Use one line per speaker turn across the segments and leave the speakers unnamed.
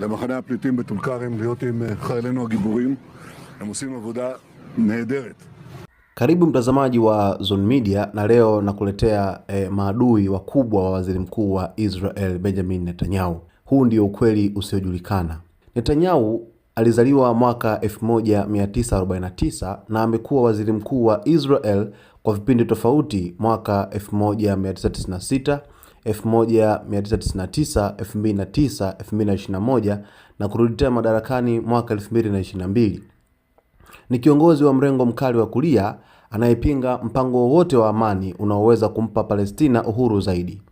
למחנה הפליטים בטולכרם להיות עם חיילינו הגיבורים. הם עושים עבודה נהדרת.
Karibu mtazamaji wa Zone Media na leo nakuletea eh, maadui wakubwa wa waziri mkuu wa Israel Benjamin Netanyahu. Huu ndio ukweli usiojulikana. Netanyahu alizaliwa mwaka 1949 na amekuwa waziri mkuu wa Israel kwa vipindi tofauti, mwaka 1996 1999, 2021 na kurudi tena madarakani mwaka 2022. Ni kiongozi wa mrengo mkali wa kulia anayepinga mpango wowote wa amani unaoweza kumpa Palestina uhuru zaidi.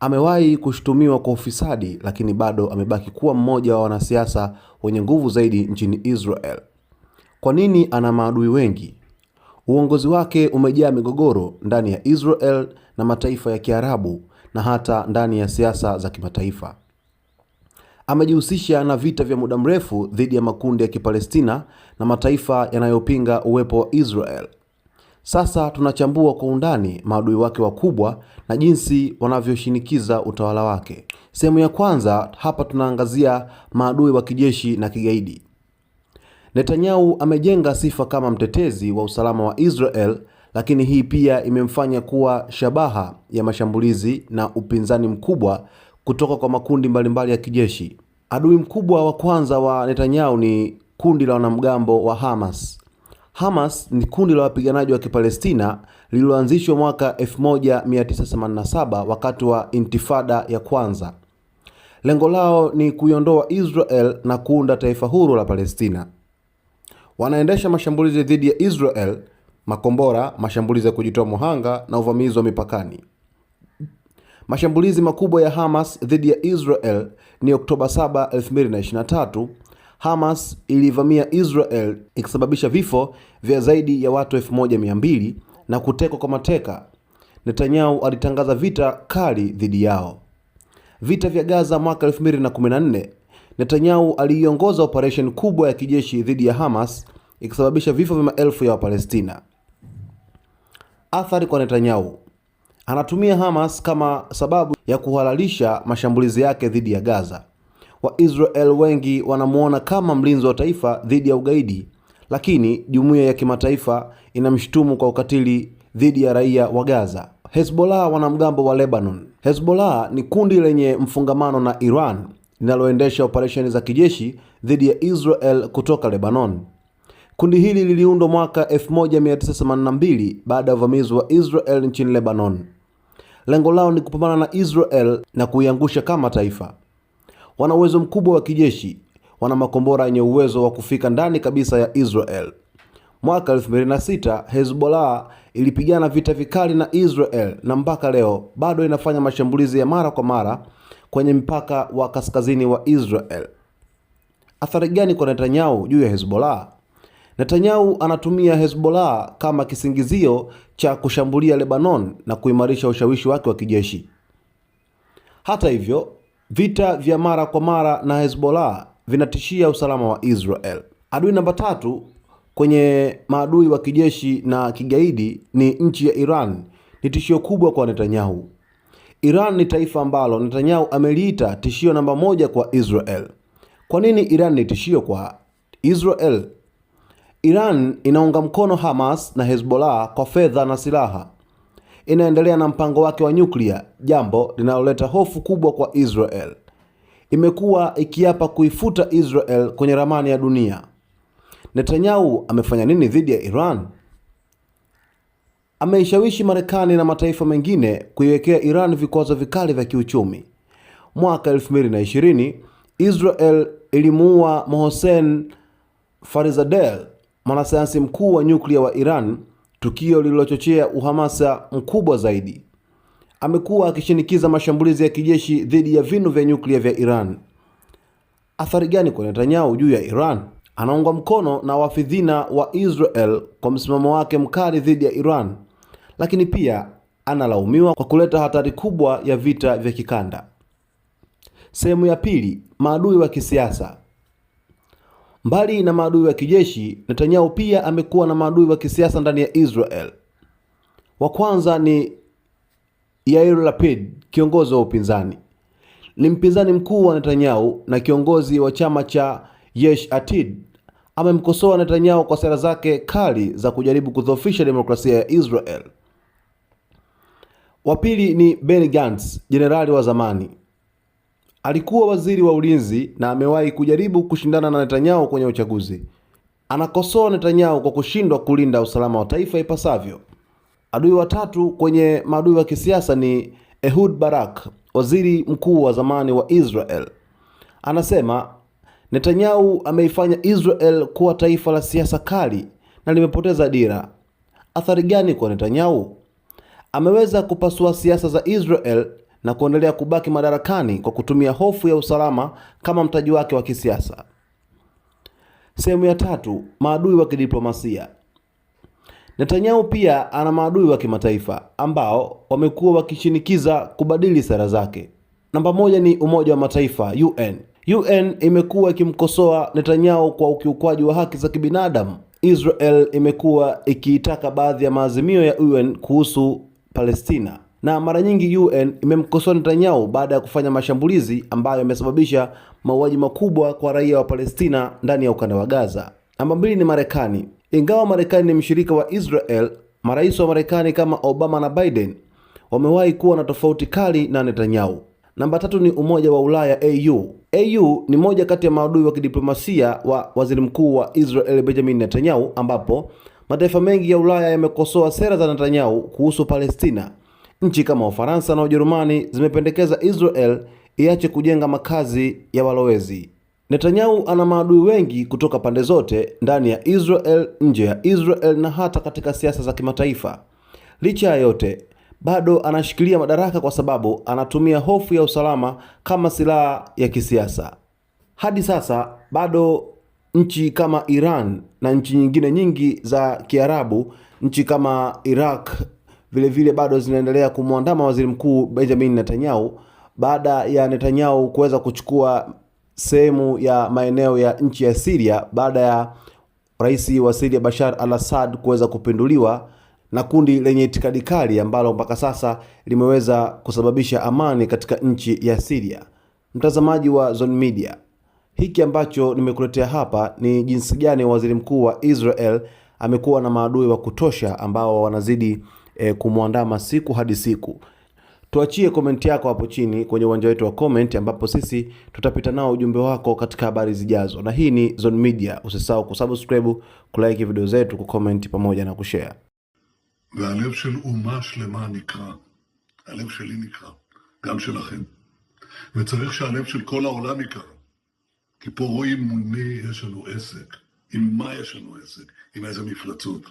Amewahi kushutumiwa kwa ufisadi, lakini bado amebaki kuwa mmoja wa wanasiasa wenye nguvu zaidi nchini Israel. Kwa nini ana maadui wengi? Uongozi wake umejaa migogoro ndani ya Israel na mataifa ya Kiarabu na hata ndani ya siasa za kimataifa. Amejihusisha na vita vya muda mrefu dhidi ya makundi ya Kipalestina na mataifa yanayopinga uwepo wa Israel. Sasa tunachambua kwa undani maadui wake wakubwa na jinsi wanavyoshinikiza utawala wake. Sehemu ya kwanza, hapa tunaangazia maadui wa kijeshi na kigaidi. Netanyahu amejenga sifa kama mtetezi wa usalama wa Israel lakini hii pia imemfanya kuwa shabaha ya mashambulizi na upinzani mkubwa kutoka kwa makundi mbalimbali ya kijeshi. Adui mkubwa wa kwanza wa Netanyahu ni kundi la wanamgambo wa Hamas. Hamas ni kundi la wapiganaji wa Kipalestina lililoanzishwa mwaka 1987 wakati wa Intifada ya kwanza. Lengo lao ni kuiondoa Israel na kuunda taifa huru la Palestina. Wanaendesha mashambulizi dhidi ya Israel makombora, mashambulizi ya kujitoa muhanga na uvamizi wa mipakani. Mashambulizi makubwa ya Hamas dhidi ya Israel ni Oktoba 7, 2023. Hamas ilivamia Israel ikisababisha vifo vya zaidi ya watu 1200 na kutekwa kwa mateka. Netanyahu alitangaza vita kali dhidi yao. Vita vya Gaza mwaka 2014, Netanyahu aliiongoza operesheni kubwa ya kijeshi dhidi ya Hamas ikisababisha vifo vya maelfu ya Wapalestina athari kwa Netanyahu. Anatumia Hamas kama sababu ya kuhalalisha mashambulizi yake dhidi ya Gaza. Waisrael wengi wanamwona kama mlinzi wa taifa dhidi ya ugaidi, lakini jumuiya ya kimataifa inamshutumu kwa ukatili dhidi ya raia wa Gaza. Hezbollah, wanamgambo wa Lebanon. Hezbollah ni kundi lenye mfungamano na Iran linaloendesha operesheni za kijeshi dhidi ya Israel kutoka Lebanon. Kundi hili liliundwa mwaka 1982 baada ya uvamizi wa Israel nchini Lebanon. Lengo lao ni kupambana na Israel na kuiangusha kama taifa. Wana uwezo mkubwa wa kijeshi, wana makombora yenye uwezo wa kufika ndani kabisa ya Israel. Mwaka 2006 Hezbollah ilipigana vita vikali na Israel na mpaka leo bado inafanya mashambulizi ya mara kwa mara kwenye mpaka wa kaskazini wa Israel. Athari gani kwa Netanyahu juu ya Hezbollah? Netanyahu anatumia Hezbollah kama kisingizio cha kushambulia Lebanon na kuimarisha ushawishi wake wa kijeshi. Hata hivyo, vita vya mara kwa mara na Hezbollah vinatishia usalama wa Israel. Adui namba tatu kwenye maadui wa kijeshi na kigaidi ni nchi ya Iran. Ni tishio kubwa kwa Netanyahu. Iran ni taifa ambalo Netanyahu ameliita tishio namba moja kwa Israel. Kwa nini Iran ni tishio kwa Israel? Iran inaunga mkono Hamas na Hezbollah kwa fedha na silaha. Inaendelea na mpango wake wa nyuklia, jambo linaloleta hofu kubwa kwa Israel. Imekuwa ikiapa kuifuta Israel kwenye ramani ya dunia. Netanyahu amefanya nini dhidi ya Iran? Ameishawishi Marekani na mataifa mengine kuiwekea Iran vikwazo vikali vya kiuchumi. Mwaka 2020 Israel ilimuua Mohsen farizadel mwanasayansi mkuu wa nyuklia wa Iran, tukio lililochochea uhamasa mkubwa zaidi. Amekuwa akishinikiza mashambulizi ya kijeshi dhidi ya vinu vya nyuklia vya Iran. Athari gani kwa Netanyahu juu ya Iran? Anaungwa mkono na wafidhina wa Israel kwa msimamo wake mkali dhidi ya Iran, lakini pia analaumiwa kwa kuleta hatari kubwa ya vita vya kikanda. Sehemu ya pili, maadui wa kisiasa. Mbali na maadui wa kijeshi, Netanyahu pia amekuwa na maadui wa kisiasa ndani ya Israel. Wa kwanza ni Yair Lapid, kiongozi wa upinzani, ni mpinzani mkuu wa Netanyahu na kiongozi wa chama cha Yesh Atid. Amemkosoa Netanyahu kwa sera zake kali za kujaribu kudhoofisha demokrasia ya Israel. Wa pili ni Benny Gantz, jenerali wa zamani Alikuwa waziri wa ulinzi na amewahi kujaribu kushindana na Netanyahu kwenye uchaguzi. Anakosoa Netanyahu kwa kushindwa kulinda usalama wa taifa ipasavyo. Adui watatu kwenye maadui wa kisiasa ni Ehud Barak, waziri mkuu wa zamani wa Israel. Anasema Netanyahu ameifanya Israel kuwa taifa la siasa kali na limepoteza dira. Athari gani kwa Netanyahu? Ameweza kupasua siasa za Israel na kuendelea kubaki madarakani kwa kutumia hofu ya usalama kama mtaji wake wa kisiasa. Sehemu ya tatu: maadui wa kidiplomasia. Netanyahu pia ana maadui wa kimataifa ambao wamekuwa wakishinikiza kubadili sera zake. Namba moja ni Umoja wa Mataifa, UN. UN imekuwa ikimkosoa Netanyahu kwa ukiukwaji wa haki za kibinadamu. Israel imekuwa ikiitaka baadhi ya maazimio ya UN kuhusu Palestina na mara nyingi UN imemkosoa Netanyahu baada ya kufanya mashambulizi ambayo yamesababisha mauaji makubwa kwa raia wa Palestina ndani ya ukanda wa Gaza. Namba mbili ni Marekani. Ingawa Marekani ni mshirika wa Israel, marais wa Marekani kama Obama na Biden wamewahi kuwa na tofauti kali na Netanyahu. Namba tatu ni Umoja wa Ulaya AU. AU ni moja kati ya maadui wa kidiplomasia wa waziri mkuu wa Israel Benjamin Netanyahu, ambapo mataifa mengi ya Ulaya yamekosoa sera za Netanyahu kuhusu Palestina. Nchi kama Ufaransa na Ujerumani zimependekeza Israel iache kujenga makazi ya walowezi. Netanyahu ana maadui wengi kutoka pande zote, ndani ya Israel, nje ya Israel na hata katika siasa za kimataifa. Licha ya yote, bado anashikilia madaraka kwa sababu anatumia hofu ya usalama kama silaha ya kisiasa. Hadi sasa bado nchi kama Iran na nchi nyingine nyingi za Kiarabu, nchi kama Iraq vilevile bado zinaendelea kumwandama waziri mkuu Benjamin Netanyahu baada ya Netanyahu kuweza kuchukua sehemu ya maeneo ya nchi ya Syria baada ya rais wa Syria Bashar al-Assad kuweza kupinduliwa na kundi lenye itikadi kali ambalo mpaka sasa limeweza kusababisha amani katika nchi ya Syria. Mtazamaji wa Zone Media, hiki ambacho nimekuletea hapa ni jinsi gani waziri mkuu wa Israel amekuwa na maadui wa kutosha ambao wanazidi e, eh, kumwandama siku hadi siku. Tuachie komenti yako hapo chini kwenye uwanja wetu wa comment, ambapo sisi tutapita nao ujumbe wako katika habari zijazo. Na hii ni Zone Media, usisahau kusubscribe, kulike video zetu, kucomment pamoja na kushare.
והלב של אומה שלמה נקרע, הלב שלי נקרע, גם שלכם. וצריך שהלב של כל העולם יקרע, כי פה רואים מול מי יש לנו עסק, עם מה יש לנו עסק, עם איזה מפלצות.